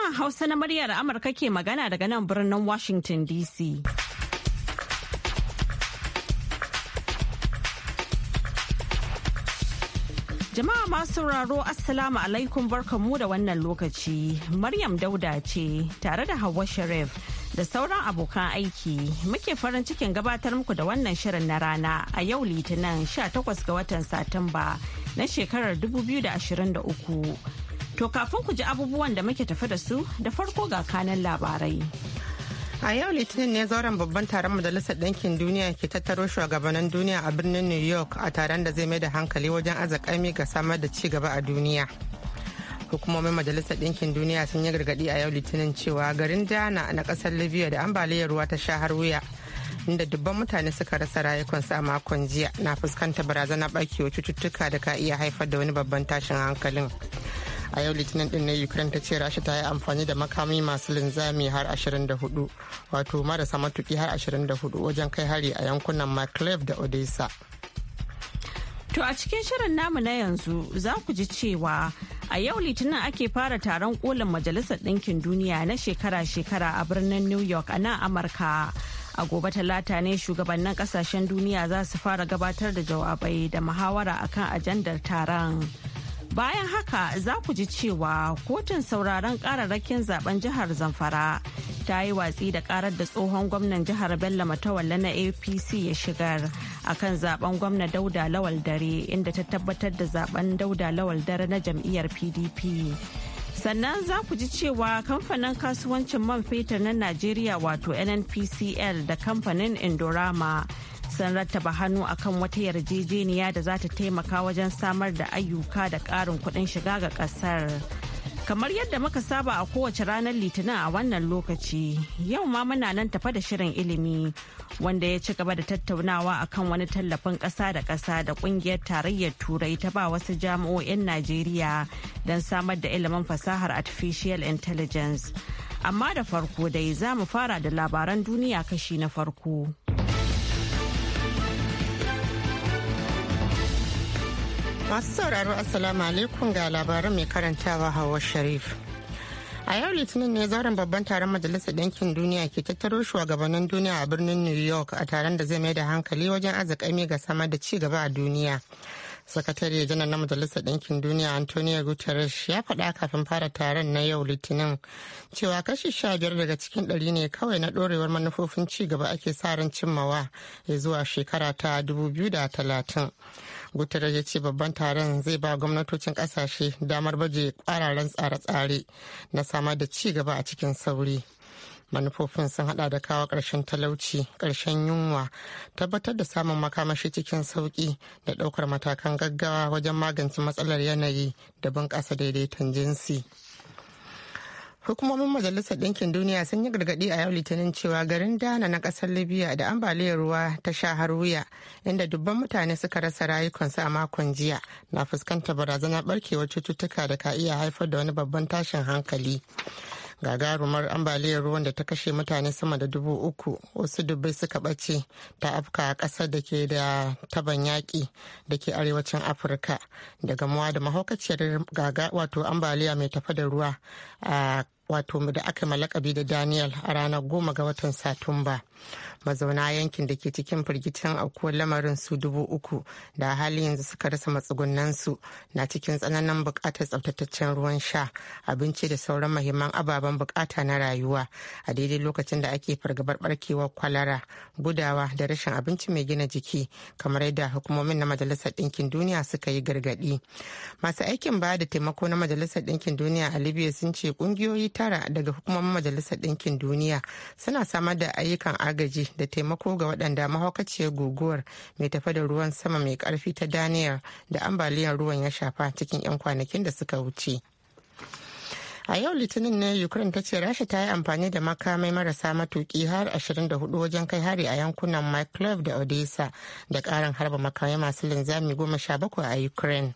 Sashen Hausa na muryar Amurka ke magana daga nan birnin Washington DC. Jama'a masu sauraro Assalamu alaikum barkanmu da wannan lokaci. Maryam Dauda ce tare da Hauwa Sharif da sauran abokan aiki muke farin cikin gabatar muku da wannan shirin na rana a yau Litinin 18 ga watan Satumba na shekarar 2023. To kafin ku ji abubuwan da muke tafi da su da farko ga kanan labarai. A yau Litinin ne zauren babban taron Majalisar Ɗinkin Duniya ke tattaro shugabannin duniya a birnin New York a taron da zai mai da hankali wajen azakami ga samar da ci gaba a duniya. Hukumomin Majalisar Ɗinkin Duniya sun yi gargaɗi a yau Litinin cewa garin Dana na ƙasar Libya da ambaliyar ruwa ta sha har wuya inda dubban mutane suka rasa rayukansu a makon jiya na fuskantar barazanar ɓarkewar cututtuka da ka iya haifar da wani babban tashin hankalin. a yau litinin din na ukraine ta ce rasha ta yi amfani da makami masu linzami har 24 wato marasa matuki har 24 wajen kai hari a yankunan mcclave da odessa To a cikin shirin namu na yanzu za ku ji cewa a yau litinin ake fara taron kolin majalisar ɗinkin duniya na shekara-shekara a birnin New York a nan Amurka. A gobe talata ne shugabannin kasashen duniya za su fara gabatar da jawabai da muhawara akan ajandar taron. Bayan haka za ku ji cewa kotun sauraron kararrakin zaben jihar Zamfara ta yi watsi da karar da tsohon gwamnan jihar Bello Matawalla na APC ya shigar akan zaben gwamna Dauda Lawal Dare inda ta tabbatar da zaben Dauda Lawal Dare na jam'iyyar PDP. sannan za ku ji cewa kamfanin kasuwancin man fetur na najeriya wato nnpcl da kamfanin indorama sun rattaba hannu akan wata yarjejeniya da za ta taimaka wajen samar da ayyuka da ƙarin kuɗin shiga ga ƙasar. Kamar yadda muka saba a kowace ranar Litinin a wannan lokaci, yau ma muna nan tafa da shirin ilimi wanda ya ci gaba da tattaunawa akan wani tallafin ƙasa da ƙasa da ƙungiyar tarayyar Turai ta ba wasu jami'o'in Najeriya don samar da ilimin fasahar Artificial Intelligence. Amma da farko dai za mu fara da labaran duniya kashi na farko. Masu sauraro Assalamu alaikum ga labaran mai karantawa hawa Sharif. A yau Litinin ne zauren babban taron Majalisar Ɗinkin Duniya ke tattaro shugabannin duniya a birnin New York a taron da zai mai da hankali wajen arzikami ga sama da ci gaba a duniya. sakatare janar na majalisar ɗinkin duniya antonio guterres ya faɗa kafin fara taron na yau litinin cewa kashi sha biyar daga cikin ɗari ne kawai na ɗorewar manufofin ci gaba ake sa ran cimmawa ya zuwa shekara ta dubu biyu da talatin guterres ya ce babban taron zai ba gwamnatocin ƙasashe damar baje ƙwararren tsare-tsare na samar da ci gaba a cikin sauri. manufofin sun hada da kawo ƙarshen talauci karshen yunwa tabbatar da samun makamashi cikin sauƙi da ɗaukar matakan gaggawa wajen magance matsalar yanayi da bunƙasa daidaiton jinsi hukumomin majalisar ɗinkin duniya sun yi gargaɗi a yau litinin cewa garin dana na ƙasar libya da ambaliyar ruwa ta sha har wuya inda dubban mutane suka rasa rayukansu a makon jiya na fuskantar barazanar barkewar cututtuka da ka iya haifar da wani babban tashin hankali gagarumar ambaliyar ruwan da ta kashe mutane sama da dubu uku wasu dubbai suka ɓace ta afka a ƙasar da ke da taban yaƙi da ke arewacin afirka da gamuwa da mahaukaciyar Gaga wato ambaliya mai tafa da ruwa a wato da aka malakabi da daniel a ranar goma ga watan satumba mazauna yankin da ke cikin firgicin aukuwar lamarin su dubu uku da hali yanzu suka rasa matsugunansu na cikin tsananin bukatar tsaftataccen ruwan sha abinci da sauran mahimman ababen bukata na rayuwa a daidai lokacin da ake fargabar barkewar kwalara gudawa da rashin abinci mai gina jiki kamar yadda hukumomin na majalisar ɗinkin duniya suka yi gargaɗi masu aikin ba da taimako na majalisar ɗinkin duniya a libya sun ce ƙungiyoyi tara daga hukumomin majalisar ɗinkin duniya suna samar da ayyukan agaji da taimako ga waɗanda mahaukaciyar guguwar mai tafa da ruwan sama mai ƙarfi ta daniel da ambaliyar ruwan ya shafa cikin 'yan kwanakin da suka wuce. a yau litinin ne ukraine ta ce rasha ta yi amfani da makamai marasa matuki har 24 wajen kai hari a yankunan mcclub da odessa da karin harba makamai masu linzami 17 a ukraine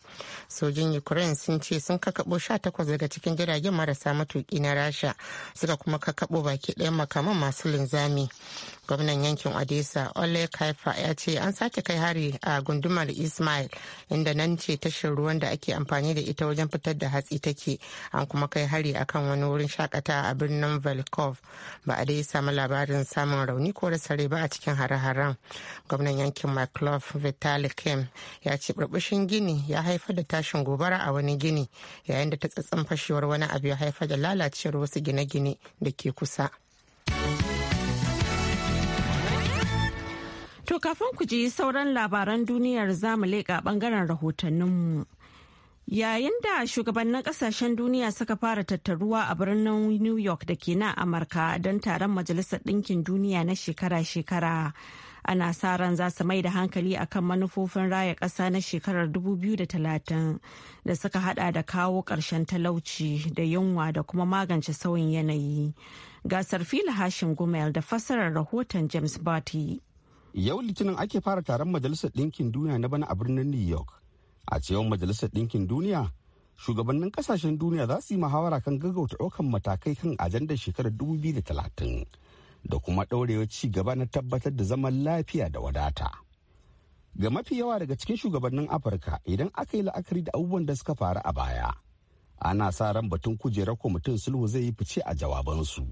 sojin ukraine sun ce sun kakabo 18 daga cikin jiragen marasa matuki na rasha suka kuma kakabo baki ɗayan makaman masu linzami gwamnan yankin odessa ole kaifa ya ce an sake kai hari a gundumar ismail inda nan ce tashin ruwan da ake amfani da ita wajen fitar da hatsi take an kuma kai hari akan wani wurin shakata a birnin velkov ba a dai samu labarin samun rauni ko da sare ba a cikin hare-haren gwamnan yankin mcclough vitali kim ya ce burbushin gini ya haifar da tashin gobara a wani gini yayin da ta tsatsin fashewar wani abu ya haifar da lalacewar wasu gine-gine da ke kusa To kafin ku ji sauran labaran duniyar zamu leƙa ɓangaren rahotanninmu. Yayin da shugabannin kasashen duniya suka fara tattaruwa a birnin New York da ke na Amurka don taron Majalisar Ɗinkin Duniya na shekara-shekara. Ana sa ran za su mai da hankali a kan manufofin raya ƙasa na shekarar 2030 da suka hada da kawo ƙarshen talauci da yunwa da kuma magance sauyin yanayi. Gasar fila Hashim Gumel da fassarar rahoton James Barty. yau litinin ake fara taron majalisar ɗinkin duniya na bana a birnin new york a cewar majalisar ɗinkin duniya shugabannin ƙasashen duniya za su yi muhawara kan gaggauta ɗaukan matakai kan ajandar shekarar biyu da talatin, da kuma ɗaurewa ci gaba na tabbatar da zaman lafiya da wadata ga mafi yawa daga cikin shugabannin afirka idan aka yi la'akari da abubuwan da suka faru a baya ana sa ran batun kujerar mutum sulhu zai yi fice a jawabansu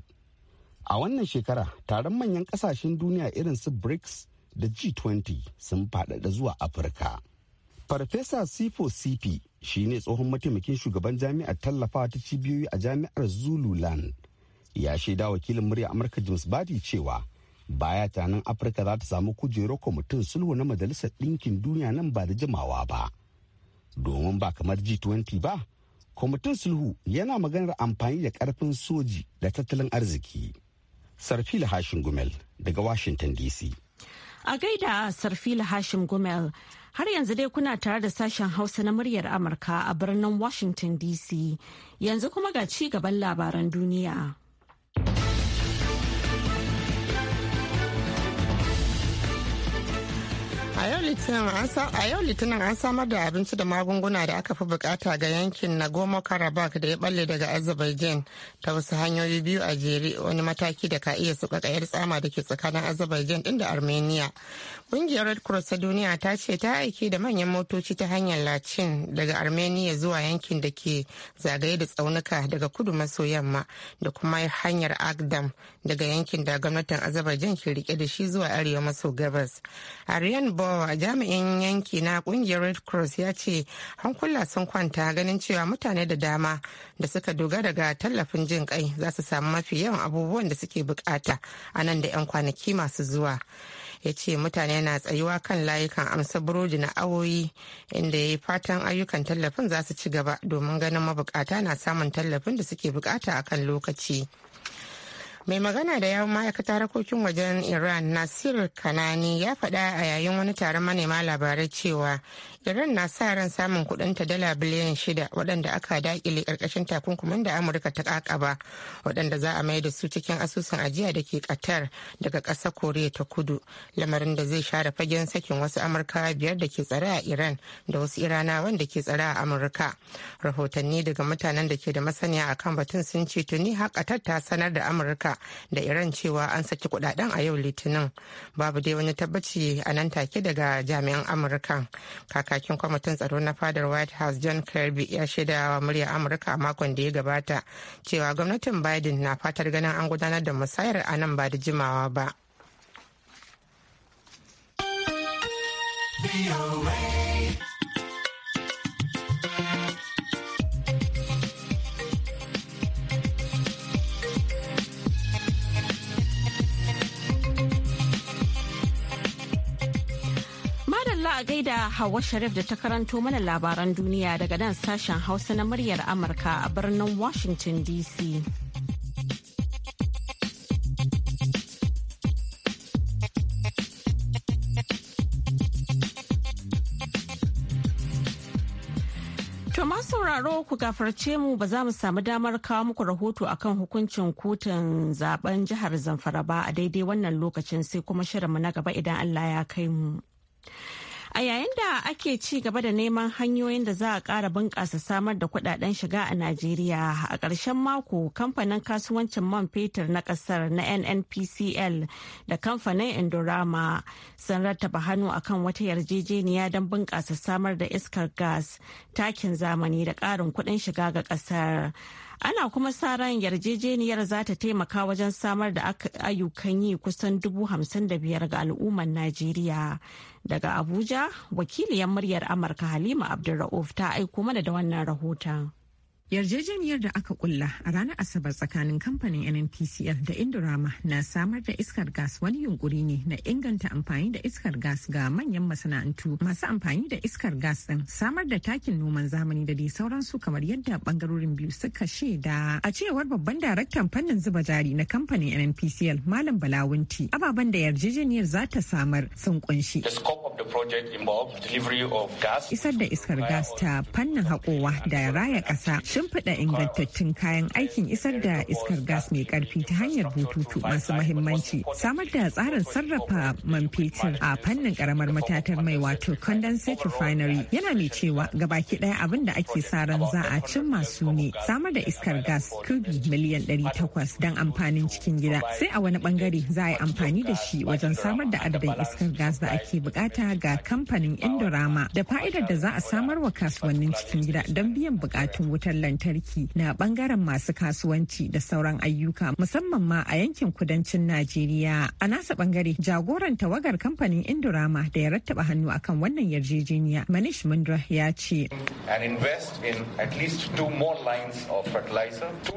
a wannan shekara taron manyan kasashen duniya irin su brics da G20 sun faɗaɗa zuwa Afirka. Farfesa Sifo Sifi shi ne tsohon mataimakin shugaban jami'ar tallafawa ta cibiyoyi a jami'ar Zululand. Ya shaida wakilin murya Amurka James Badi cewa baya tanan Afirka za ta samu kujerar kwamitin sulhu na Majalisar Ɗinkin Duniya nan ba da jimawa ba. Domin ba kamar G20 ba, kwamitin sulhu yana maganar amfani da ƙarfin soji da tattalin arziki. Sarfila Hashin Gumel daga Washington DC. A gaida Sarfila Hashim Gumel, har yanzu dai kuna tare da sashen Hausa na muryar Amurka a birnin Washington DC. Yanzu kuma ga ci gaban labaran duniya. A yau Litinin an samar da abinci da magunguna da aka fi bukata ga yankin Nagorno Karabakh da ya balle daga Azerbaijan ta wasu hanyoyi biyu a jere wani mataki da ka iya suka kayar tsama da ke tsakanin Azerbaijan din da Armenia. Kungiyar Red Cross ta duniya ta ce ta aiki da manyan motoci ta hanyar lacin daga Armenia zuwa yankin da ke zagaye da tsaunuka daga kudu maso yamma da kuma hanyar Agdam daga yankin da gwamnatin Azerbaijan ke rike da shi zuwa arewa maso gabas. Aryan bo A jami'in yanki na kungiyar Red Cross ya ce hankula sun kwanta ganin cewa mutane da dama da suka dogara ga tallafin jin kai za su samu mafi yawan abubuwan da suke bukata a nan da 'yan kwanaki masu zuwa. ya ce mutane na tsayuwa kan layukan amsa burodi na awoyi inda ya yi fatan ayyukan tallafin za su ci gaba domin ganin mabukata na samun tallafin da suke bukata akan lokaci. mai magana da yawon ma'aikatar harkokin wajen iran nasir kanani ya faɗa a yayin wani taron manema labarai cewa Iran na sa ran samun ta dala biliyan shida waɗanda aka dakile ƙarƙashin takunkumin da Amurka ta ƙaƙaba waɗanda za a maida da su cikin asusun ajiya da ke katar daga ƙasar Koriya ta Kudu lamarin da zai share fagen sakin wasu amurka biyar da ke tsare a Iran da wasu Irana wanda ke tsare a Amurka. Rahotanni daga mutanen da ke da masaniya akan batun sun ce tuni hakatar ta sanar da Amurka da Iran cewa an saki kuɗaɗen a yau Litinin. Babu dai wani tabbaci a nan take daga jami'an Amurkan. kakin kwamitin tsaro na fadar white house john kirby ya shaida wa murya amurka a makon da ya gabata cewa gwamnatin biden na fatar ganin an gudanar da musayar a nan ba da jimawa ba. Za a gaida Hawa Sharif da ta karanto mana labaran duniya daga nan sashen Hausa na muryar Amurka a birnin Washington DC. sauraro ku gafarce mu ba za mu samu damar kawo muku rahoto akan hukuncin kotun zaben jihar zamfara ba a daidai wannan lokacin sai kuma shirinmu na gaba idan Allah ya kai mu. A yayin da ake ci gaba da neman hanyoyin da za a ƙara bunƙasa samar da kuɗaɗen shiga a Najeriya, a ƙarshen mako kamfanin kasuwancin man fetur na ƙasar na NNPCL da kamfanin Indorama sun rattaba hannu akan wata yarjejeniya don bunƙasa samar da iskar gas, takin zamani da ƙarin kuɗin shiga ga ƙasar. ana kuma sa ran yarjejeniyar za ta taimaka wajen samar da ayyukan yi kusan dubu hamsin da biyar ga al'ummar najeriya daga abuja wakiliyar muryar amurka halima abdulra'uf ta aiko mana da wannan rahoton Yarjejeniyar da aka kulla a ranar Asabar tsakanin kamfanin NNPCL da Indorama na samar da iskar gas wani yunkuri ne na inganta amfani da iskar gas ga manyan masana'antu masu amfani da iskar gas din samar da takin noman zamani da dai sauransu kamar yadda bangarorin biyu suka shaida. A cewar babban daraktan fannin zuba jari na kamfanin NNPCL Malam Balawunti ababen da yarjejeniyar za ta samar sun kunshi. Isar da iskar gas ta fannin haƙowa da raya ƙasa shimfiɗa ingantattun kayan aikin isar da iskar gas mai ƙarfi ta hanyar bututu masu mahimmanci samar da tsarin sarrafa man fetur a fannin ƙaramar matatar mai wato condensate refinery yana mai cewa gabaki ɗaya abin da ake sa ran za a cimma su ne samar da iskar gas kubi miliyan 800 don amfanin cikin gida sai a wani bangare za a yi amfani da shi wajen samar da adadin iskar gas da ake bukata ga kamfanin indorama da fa'idar da za a samar wa kasuwannin cikin gida don biyan bukatun wutar lantarki lantarki na bangaren masu kasuwanci da sauran ayyuka musamman ma a yankin kudancin Najeriya. A nasa bangare jagoran tawagar kamfanin Indorama da ya rattaba hannu akan wannan yarjejeniya Manish Mundra ya ce.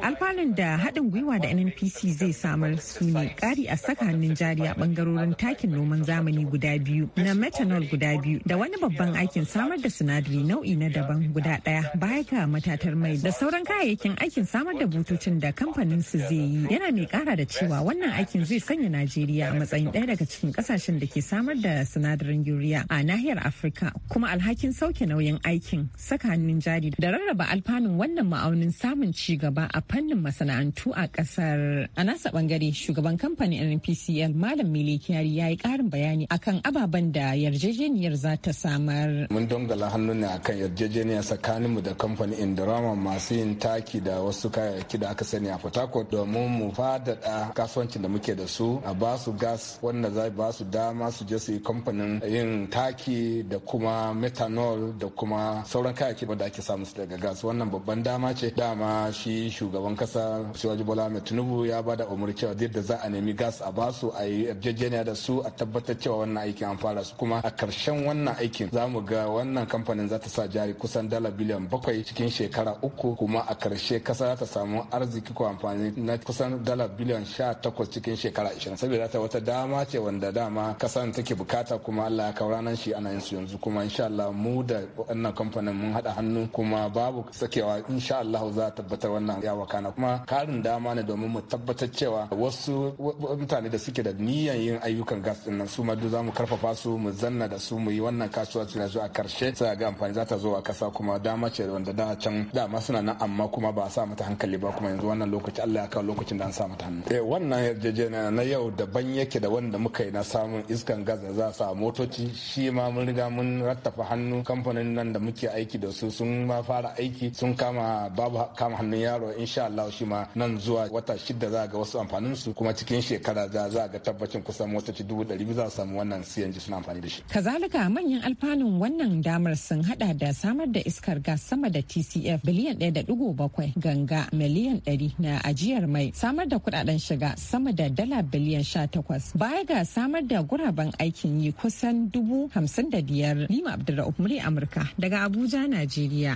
Alfanun da haɗin gwiwa da NNPC zai samar su ne ƙari a saka hannun jari a bangarorin takin noman zamani guda biyu na methanol guda biyu da wani babban aikin samar da sinadari nau'i na daban guda ɗaya baya ga matatar mai da sauran kayayyakin aikin samar da bututun da kamfanin su zai yi yana mai kara da cewa wannan aikin zai sanya Najeriya a matsayin ɗaya daga cikin kasashen da ke samar da sinadarin yuriya a nahiyar Afirka kuma alhakin sauke nauyin aikin saka hannun jari da rarraba alfanun wannan ma'aunin samun ci gaba a fannin masana'antu a kasar. A nasa bangare shugaban kamfanin NPCL Malam Mili Kyari ya yi karin bayani akan ababen da yarjejeniyar za ta samar. Mun dongala hannu ne akan yarjejeniya tsakaninmu da kamfanin Indorama masu yin taki da wasu kayayyaki da aka sani a fatako domin mu fadada kasuwancin da muke da su a ba su gas wanda zai ba su dama su je su yi kamfanin yin taki da kuma methanol da kuma sauran kayayyaki da ake samu daga gas wannan babban dama ce dama shi shugaban kasa Shiwaji Bola mai Tinubu ya ba da umar cewa da za a nemi gas a ba su a yi yarjejeniya da su a tabbatar cewa wannan aikin an fara su kuma a karshen wannan aikin za mu ga wannan kamfanin za ta sa jari kusan dala biliyan bakwai cikin shekara uku uku kuma a karshe kasa za ta samu arziki ko amfani na kusan dala biliyan sha takwas cikin shekara ashirin saboda ta wata dama ce wanda dama kasan take bukata kuma Allah ya kawo ranar shi ana yin su yanzu kuma insha Allah mu da wannan kamfanin mun haɗa hannu kuma babu sakewa insha Allah za a tabbatar wannan ya wakana kuma karin dama ne domin mu tabbatar cewa wasu mutane da suke da niyan yin ayyukan gas din nan su ma duk za mu karfafa su mu zanna da su mu yi wannan kasuwanci na zuwa karshe sai ga amfani za ta zo a kasa kuma dama ce wanda da can dama suna nan amma kuma ba a sa mata hankali ba kuma yanzu wannan lokaci Allah ya kawo lokacin da an sa mata hannu eh wannan yarjejeniya na yau daban yake da wanda muka yi na samun iskan gas da za a sa motoci shi ma mun riga mun rattafa hannu kamfanin nan da muke aiki da su sun ma fara aiki sun kama babu kama hannun yaro insha Allah shi ma nan zuwa wata shida za ga wasu amfanin su kuma cikin shekara za za ga tabbacin kusan motoci dubu ɗari za su samu wannan CNG suna amfani da shi kazalika manyan alfanun wannan damar sun hada da samar da iskar gas sama da TCF biliyan 1.7 ganga miliyan 100 na ajiyar mai samar da kudaden shiga sama da dala biliyan 18 baya ga samar da guraben aikin yi kusan dubu hamsin da biyar lima Abdurra'uf murya amurka daga abuja najeriya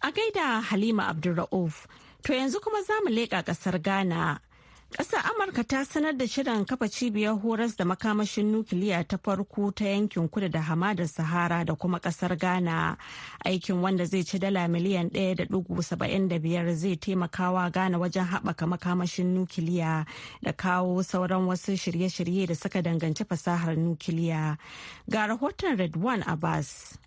a gaida halima Abdurra'uf to yanzu kuma za mu leƙa ƙasar ghana Ƙasar Amurka ta sanar da shirin kafa cibiyar horas da makamashin nukiliya ta farko ta yankin kudu da hamadar Sahara da kuma ƙasar Ghana. Aikin wanda zai ci dala miliyan 1.75 zai taimakawa Ghana wajen haɓaka makamashin nukiliya da kawo sauran wasu shirye-shirye da suka danganci fasahar nukiliya. Ga rahoton Red One Abbas.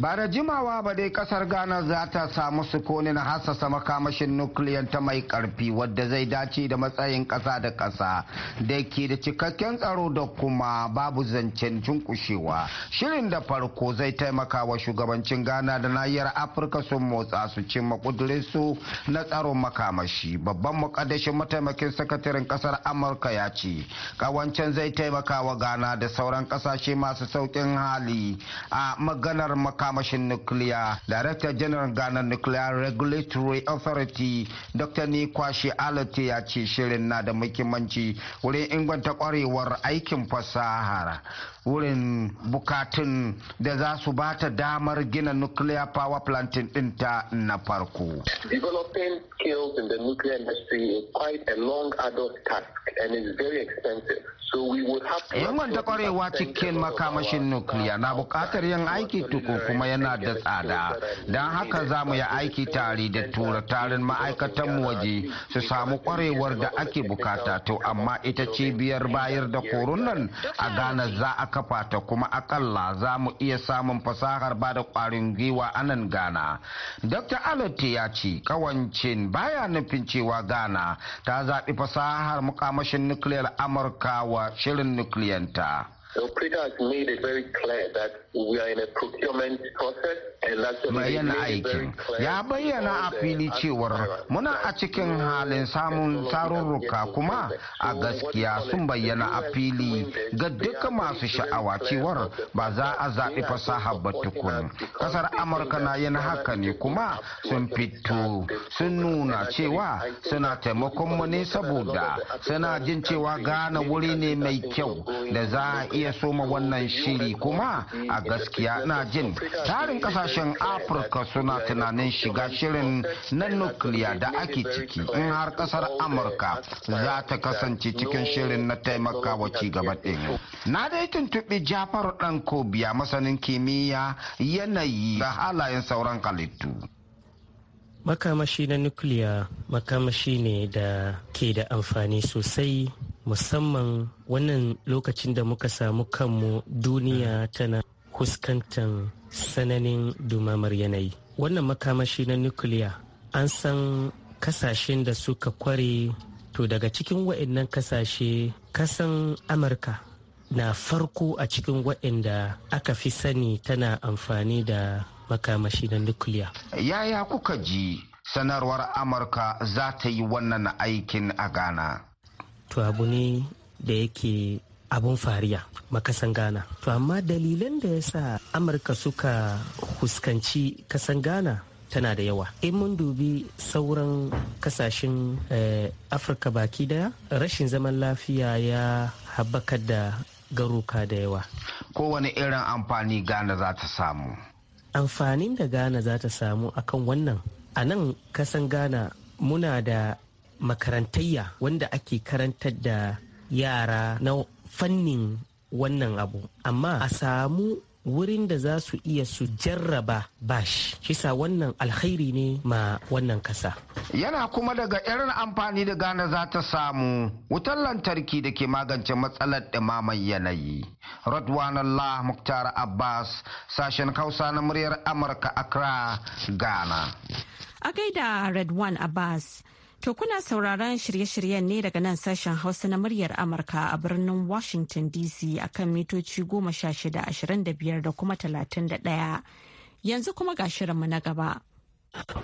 ba da jimawa ba dai kasar ghana za ta samu na hasasa makamashin nukiliyar ta mai karfi wadda zai dace da matsayin kasa da kasa da ke da cikakken tsaro da kuma babu zancen cunkushewa shirin da farko zai taimaka wa shugabancin ghana da nahiyar afirka sun motsa su cimma su na tsaron makamashi babban mukaddashin mataimakin sakataren kasar amurka ya ce kawancen zai taimaka wa ghana da sauran kasashe masu saukin hali a maganar matsalar makamashin nukiliya director general ghana nuclear regulatory authority dr ni kwashi alate ya ce shirin na da muhimmanci wurin inganta kwarewar aikin fasahar wurin bukatun da za su ba ta damar gina nuclear power plant ɗinta na farko. Developing skills in the nuclear industry is quite a long adult task and is very expensive. Inganta kwarewa cikin makamashin nukiliya na bukatar yin aiki tuku kuma yana da tsada. Don haka za mu yi aiki tare da uh, tura tarin ma'aikatan uh, waje su samu kwarewar da ake bukata to amma ita cibiyar bayar da koron nan a Ghana za a kafa ta kuma akalla za mu iya samun fasahar ba da kwarin gwiwa a nan Ghana. Dr. Alate ya ce kawancin baya nufin cewa Ghana ta zaɓi fasahar makamashin nukiliyar Amurka wa shirin So, has made it very clear that bayyana aikin ya bayyana a fili cewar muna a cikin halin samun tarurruka kuma a gaskiya sun bayyana a fili ga duka masu sha'awa cewar ba za a zaɓi fasaha ba tukun kasar amurka na yin haka ne kuma sun fito sun nuna cewa suna taimakon mu ne saboda suna jin cewa gane wuri ne mai kyau da za a iya soma wannan shiri kuma a gaskiya na jin tarin kasashen afirka suna tunanin shiga shirin na nukiliya da ake ciki in har kasar amurka za ta kasance cikin shirin na taimakawa cigaba ɗin na dai tuntuɓi jafaru ɗan kobiya masanin kimiyya yanayi da halayen sauran halittu makamashi na nukiliya makamashi ne da ke da amfani sosai musamman wannan lokacin da muka samu kanmu duniya tana Kuskantan sananin dumamar yanayi wannan makamashi na nukiliya an san kasashen da suka kware to daga cikin wa'annan kasashe kasan amurka na farko a cikin wa'anda aka fi sani tana amfani da makamashi na nukiliya. Yaya kuka ji sanarwar Amurka za ta yi wannan aikin a Ghana? To abu ne da yake abun fariya makasan ghana to amma dalilan da ya sa amurka suka huskanci kasan ghana tana da yawa in mun dubi sauran kasashen eh, afirka baki daya rashin zaman lafiya ya haɓaka da garuka da yawa kowane irin amfani ghana za ta samu amfanin da ghana za ta samu akan wannan a nan kasan ghana muna da makarantayya wanda ake karantar da yara na fannin wannan abu amma a samu wurin da za su iya su jarraba bashi kisa wannan alkhairi ne ma wannan kasa yana kuma daga irin amfani da gane za ta samu wutar lantarki da ke magance matsalar ɗumaman yanayi radwanallah muktar abbas sashen hausa na muryar amurka accra ghana a gaida redwan abbas To kuna sauraron shirye-shiryen ne daga nan sashen Hausa na muryar Amurka a birnin Washington DC a kan mitoci goma sha shida ashirin da biyar da kuma talatin da ɗaya. Yanzu kuma ga shirinmu na gaba.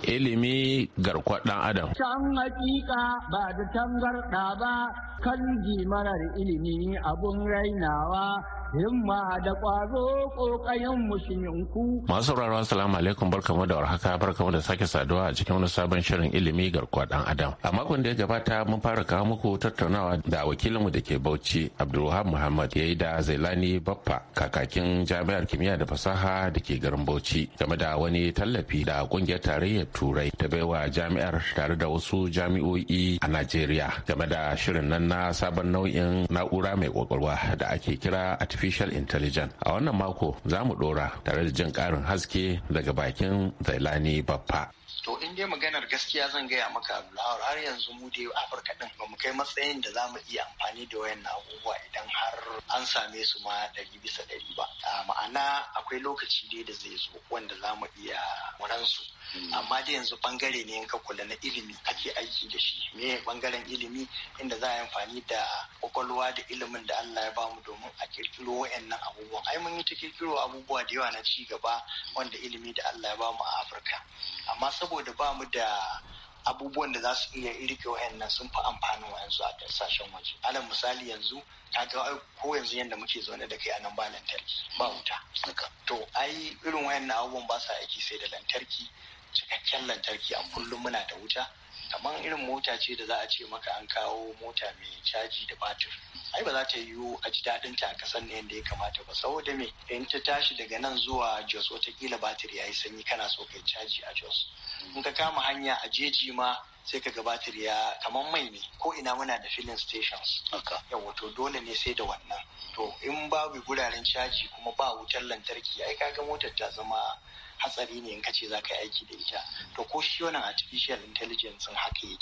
Ilimi garkwa ɗan Adam. Can hakika ba da tangarɗa ba kan marar ilimi abun rainawa himma da ƙwazo ƙayan musulminku. Masu sauraro assalamu alaikum barkamu da warhaka barkamu da sake saduwa a cikin wani sabon shirin ilimi garkuwa dan adam. A makon da ya gabata mun fara kawo muku tattaunawa da wakilinmu da ke Bauchi Abdulrahman Muhammad ya yi da Zailani Baffa kakakin jami'ar kimiyya da fasaha da ke garin Bauchi game da wani tallafi da kungiyar tarayyar Turai ta baiwa jami'ar tare da wasu jami'o'i a Najeriya game da shirin nan na sabon nau'in na'ura mai kwakwalwa da ake kira a artificial intelligence a wannan mako za mu dora tare da jin karin haske daga bakin zailani baffa to in dai maganar gaskiya zan gaya maka lahar har yanzu mu da Afirka din ba mu kai matsayin da za mu iya amfani da wayanna abubuwa idan har an same su ma ɗari bisa ɗari ba ma'ana akwai lokaci dai da zai zo wanda za mu iya su hmm. amma dai yanzu bangare ne in ka kula na ilimi ake aiki da shi me bangaren ilimi inda za a yi amfani da kwakwalwa da ilimin da Allah ya bamu domin a kirkiro wayannan abubuwan ai mun yi ta kirkiro abubuwa da yawa na ci gaba wanda ilimi da Allah ya bamu a Afirka amma saboda saboda ba mu da abubuwan da za su iya irke wayannan sun fi amfanin wayansu a kasashen waje alal misali yanzu ta ga ko yanzu yadda muke zaune da kai a nan ba lantarki ba wuta to ai irin wayannan abubuwan ba sa aiki sai da lantarki cikakken lantarki a kullum muna da wuta kamar irin mota ce da za a ce maka an kawo mota mai caji da batir ai ba za ta yiwu a ji daɗin ta a kasan ne yadda ya kamata ba saboda me in ta tashi daga nan zuwa jos watakila batir ya yi sanyi kana so kai caji a jos in ka kama hanya a jeji ma sai ka batir ya kamar mai ne ko ina muna da filin stations yawa to dole ne sai da wannan to in babu guraren caji kuma ba wutar lantarki ai kaga motar ta zama hatsari ne in ka ce za ka yi aiki da ita to ko shi wannan artificial intelligence haka yake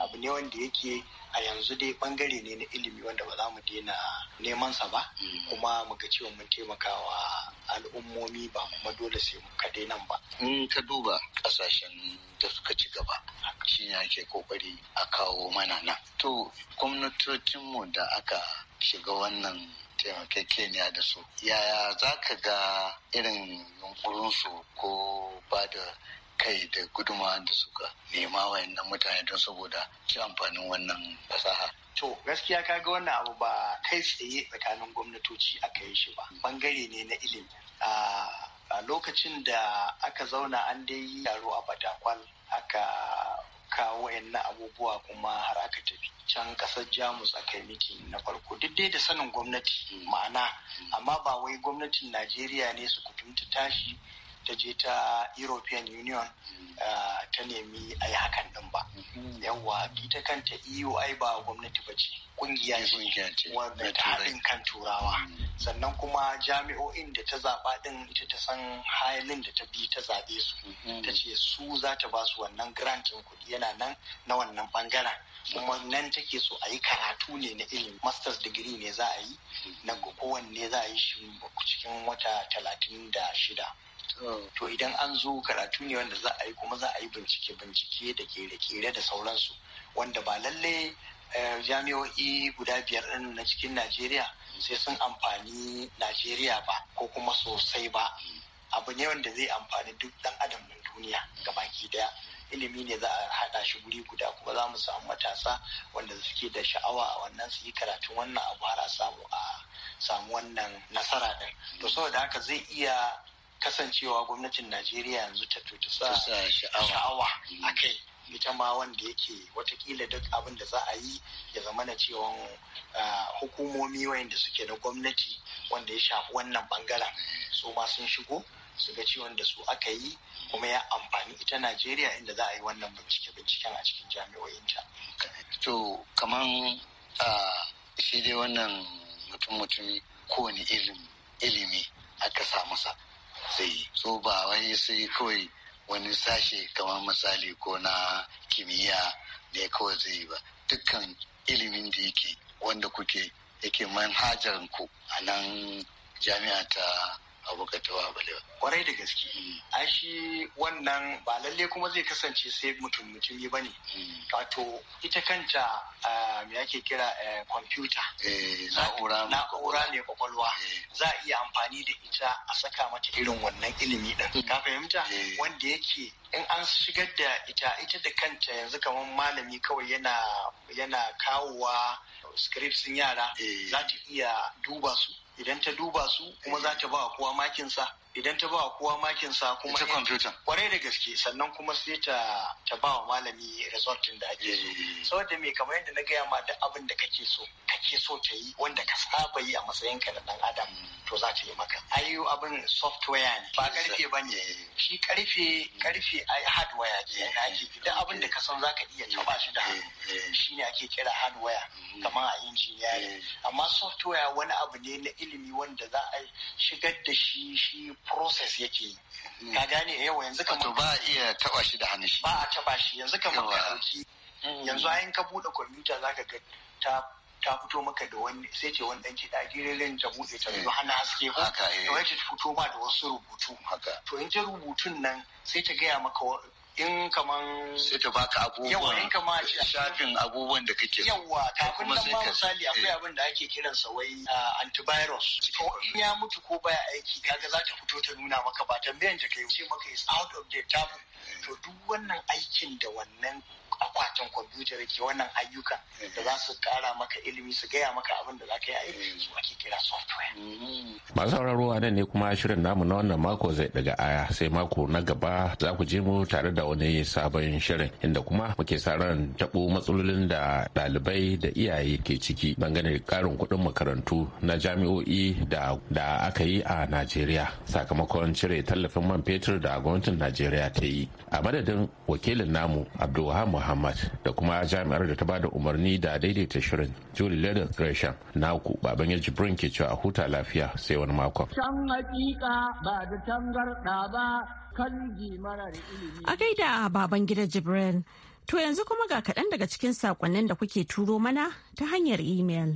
abu ne wanda yake a yanzu dai bangare ne na ilimi wanda ba za mu daina neman sa ba kuma mu ga cewa mun taimaka wa al'ummomi ba kuma dole sai mu kaɗai nan ba in ka duba ƙasashen da suka ci gaba shi ne ake kokari a kawo mana nan to gwamnatocinmu da aka shiga wannan taimakekeniya da su yaya za ka ga irin yunkurinsu ko ba da kai da guduma da suka nema wayannan mutane don saboda ci amfanin wannan fasaha To gaskiya ka ga wannan abu ba kai tsaye tsakanin gwamnatoci aka yi shi ba. Bangare ne na ilimi. A lokacin da aka zauna an dai yi taro a Batakwal aka kawo na abubuwa kuma har aka tafi can kasar jamus a kai miki na farko duk dai da sanin gwamnati ma'ana amma ba wai gwamnatin najeriya ne su kutumta tashi ta je ta european union mm. uh, ta nemi a yi hakan din ba mm-hmm. yawa ita kanta eu ai ba gwamnati ba ce kungiya ce wanda ta haɗin kan turawa mm. sannan kuma jami'o'in da ta zaɓa ɗin ita ta san halin da ta bi ta zaɓe su mm-hmm. ta ce su za ta ba su wannan grantin kuɗi yana nan na wannan bangaren kuma mm. nan take so a yi karatu ne na ilimi masters degree ne za a yi mm-hmm. na kowanne za a yi shi cikin wata talatin da shida to idan an zo karatu ne wanda za a yi kuma za a yi bincike bincike da kere-kere da sauransu wanda ba lalle eh, jami'o'i guda biyar ɗin na cikin najeriya sai sun amfani najeriya ba ko kuma sosai ba abu ne wanda zai amfani duk ɗan adam na duniya baki daya ilimi ne za a haɗa shi guri guda kuma za mu samu matasa wanda suke da sha'awa a wannan su yi karatun wannan abu har a samu a samu wannan nasara ɗin to saboda haka zai iya kasancewa gwamnatin najeriya yanzu ta sa sha'awa mm. a kai ita ma wanda yake watakila duk abin da za a yi ya zama na cewa ah, hukumomi wayanda suke na gwamnati wanda ya shafi wannan bangaren su ma sun shigo su ga ciwon da su aka yi kuma ya amfani ita najeriya inda za a yi wannan bincike binciken a cikin jami'o'inta to kaman ah, shi dai wannan mutum mutumi kowane ilimi aka samu sa zai so ba wai sai kawai wani sashe kamar misali ko na kimiyya ne kawai zai yi ba dukkan ilimin da yake wanda kuke yake manhajar ku a nan jami'a ta abubakar tawa balewa kwarai da gaske a shi wannan ba lalle kuma zai kasance sai mutum mutumi ba ne mm. wato ita kanta me ake kira kwamfuta eh, na'ura ne kwakwalwa eh. za a iya amfani da ita a saka mata irin wannan ilimi ɗin mm. ka fahimta eh. wanda yake in an shigar da ita ita da kanta yanzu kamar malami kawai yana yana kawowa scripts yara za ta iya duba su idan ta duba su kuma za ta ba kowa makinsa idan ta ba kowa makin sa kuma ita computer kwarai da gaske sannan kuma sai ta ta ba wa malami result da ake so eh. saboda me kamar yadda na gaya ma duk abin da kake so kake so ta yi wanda ka saba yi a matsayin ka da dan adam to za ta yi maka ayu abin software ne ba karfe ba eh. shi karfe karfe ai hardware ne na ake eh. duk abin da ka san zaka iya taba shi da hannu ne ake kira hardware mm-hmm. kamar a engineering amma software wani abu ne na ilimi wanda za a shigar da shi shi process yake yi mm. ka gane yawa eh, yanzu kamar to ba iya taba shi da hannun shi ba a taba shi yanzu kan ka dauki mm. yanzu ayin ka bude computer zaka ga ta ta fito maka da wani sai ce wani ɗanki da girelin ta buɗe ta zo eh. hana haske ko da eh. wani ta fito ma da wasu rubutu to in ji rubutun nan sai ta gaya maka in kaman sai ta baka abubuwa in kama shafin abubuwan da kake yawa kafin nan ma misali akwai eh. abin da ake kiran sa wai ah, antivirus to in ya mutu ko baya aiki kaga za ta fito ta nuna maka ba tambayan da kai ce maka is out of date eh. to duk wannan aikin da wannan akwatin kwamfutar ke wannan ayyuka da za su kara maka ilimi su gaya maka abin da za ka yi su ake kira software. Masu sauraro nan ne kuma shirin namu na wannan mako zai daga aya sai mako na gaba za ku je mu tare da wani sabon shirin inda kuma muke sa ran tabo matsalolin da ɗalibai da iyaye ke ciki dangane da karin kuɗin makarantu na jami'o'i da aka yi a Najeriya sakamakon cire tallafin man fetur da gwamnatin Najeriya ta yi. A madadin wakilin namu Abdulhamid muhammad da kuma jami'ar da ta ba da umarni da daidaita shirin julie lenin gresham naku baban yaji brin ke cewa a huta lafiya sai wani makon can hakika ba da tangarda ba kan jimarar ilimi a gaida baban gida jibrin to yanzu kuma ga kaɗan daga cikin saƙonnin da kuke turo mana ta hanyar imel.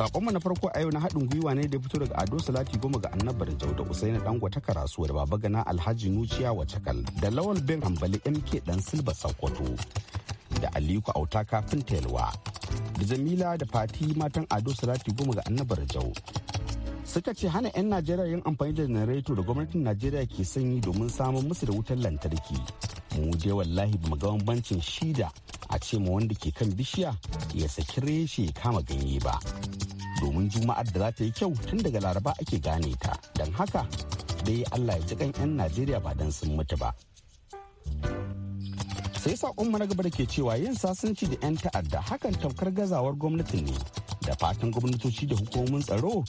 Sakonmu na farko a yau na haɗin gwiwa ne da fito daga Ado Salati goma ga annabar Jau da Usaini dan ta karasuwa da Baba Gana Alhaji Nuciya Wacakal da Lawal Bin Hambali MK Dan Silba Sokoto da Aliko Auta kafin Yalwa da Jamila da Fati matan Ado Salati goma ga annabar Jau suka ce hana 'yan najeriya yin amfani da janareto da gwamnatin najeriya ke sanyi domin samun musu da wutar lantarki mu je wallahi ba ga bambancin shida a ce ma wanda ke kan bishiya ya saki reshe kama ganye ba domin juma'ar da za ta yi kyau tun daga laraba ake gane ta don haka dai allah ya ji kan 'yan najeriya ba don sun mutu ba sai saƙon mana gabar ke cewa yin sasanci da 'yan ta'adda hakan tamkar gazawar gwamnati ne da fatan gwamnatoci da hukumomin tsaro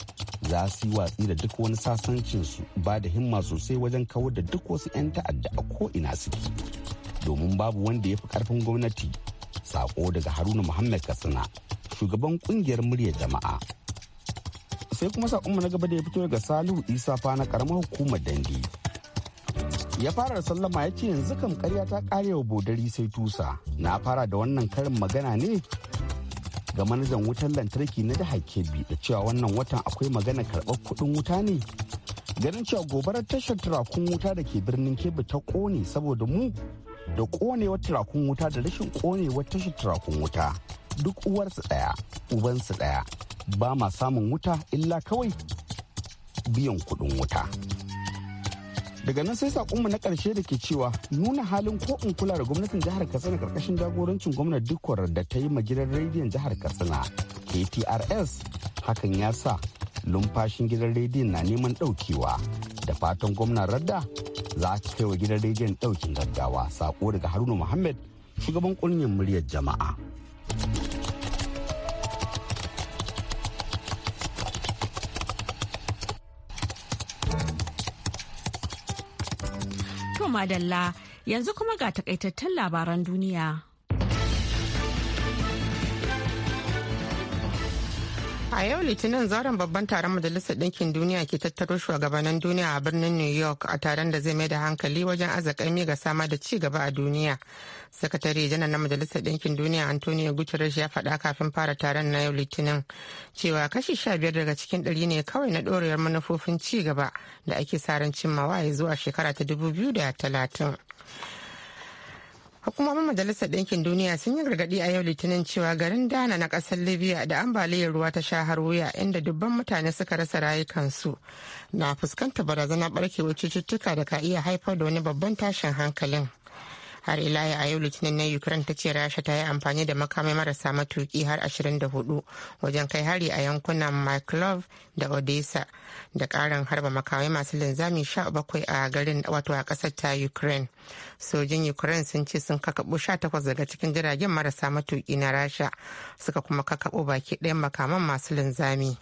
za su yi watsi da duk wani sasancin su ba da himma sosai wajen kawar da duk wasu 'yan ta'adda a ko ko'ina suke domin babu wanda ya fi karfin gwamnati sako daga haruna muhammad katsina shugaban kungiyar muryar jama'a sai kuma saƙonmu na gaba da ya fito daga salihu isa fa na karamar hukumar dangi ya fara da sallama ya ce yanzu kam karya ta kare wa bodari sai tusa na fara da wannan karin magana ne ga manajan wutar lantarki na jihar kebbi da cewa wannan watan akwai magana karɓar kuɗin wuta ne ganin cewa gobarar tashar turakun wuta da ke birnin kebbi ta ƙone saboda mu da ƙonewar turakun wuta da rashin ƙonewar tashar turakun wuta duk uwarsu ɗaya ubansu ɗaya ba ma samun wuta illa kawai biyan kudin wuta. daga nan sai saƙonmu na ƙarshe da ke cewa nuna halin ko in kula da gwamnatin jihar katsina karkashin jagorancin gwamnar dukkan da ta yi gidan rediyon jihar katsina ktrs hakan ya sa lumfashin gidan rediyon na neman ɗaukewa da fatan gwamnan radda za ta kai wa gidan rediyon ɗaukin gaggawa saƙo daga haruna muhammad shugaban ƙungiyar muryar jama'a madalla yanzu kuma ga takaitattun labaran duniya. A yau Litinin zaren babban taron Majalisar Ɗinkin Duniya ke tattaro shugabannin duniya a birnin New York a taron da zai mai da hankali wajen azakami ga sama da ci gaba a duniya. Sakatare janar na Majalisar Ɗinkin Duniya Antonio Guterres ya faɗa kafin fara taron na yau Litinin cewa kashi sha biyar daga cikin ɗari ne kawai na ɗorewar manufofin ci gaba da ake sa ran cimmawa ya zuwa shekara ta dubu biyu da talatin. hukumomin majalisar ɗinkin duniya sun yi gargaɗi a yau litinin cewa garin dana na ƙasar libya da ambaliyar ruwa ta sha har wuya inda dubban mutane suka rasa rayukansu na fuskantar barazanar barkewar cututtuka da ka iya haifar da wani babban tashin hankalin har ila a yau litinin na ukraine ta ce rasha ta yi amfani da makamai marasa matuki har 24 wajen kai hari a yankunan mclove da odessa da karin harba makamai masu linzami 17 a garin wato a kasar ta ukraine sojin ukraine sun ce sun sha 18 daga cikin jiragen marasa matuki na rasha suka kuma kakabu baki ɗayan makaman masu linzami.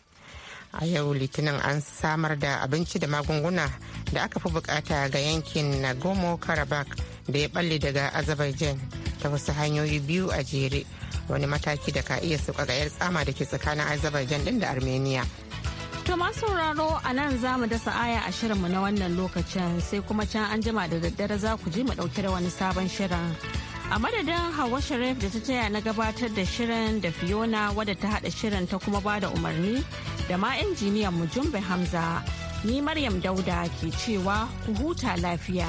a yau litinin an samar da abinci da magunguna da aka fi bukata ga yankin nagorno karabakh da ya balle daga azerbaijan ta wasu hanyoyi biyu a jere wani mataki da ka iya sauƙaƙa 'yar tsama da ke tsakanin azerbaijan din da armenia To masu sauraro a nan za mu dasa aya a shirinmu na wannan lokacin sai kuma can an jima da daddare za ku ji mu ɗauki da wani sabon shirin. A madadin Hawa Sharif da ta taya na gabatar da shirin da Fiona wadda ta hada shirin ta kuma ba da umarni da ma injiniyan mu Jumbe Hamza. Ni Maryam Dauda ke cewa ku huta lafiya.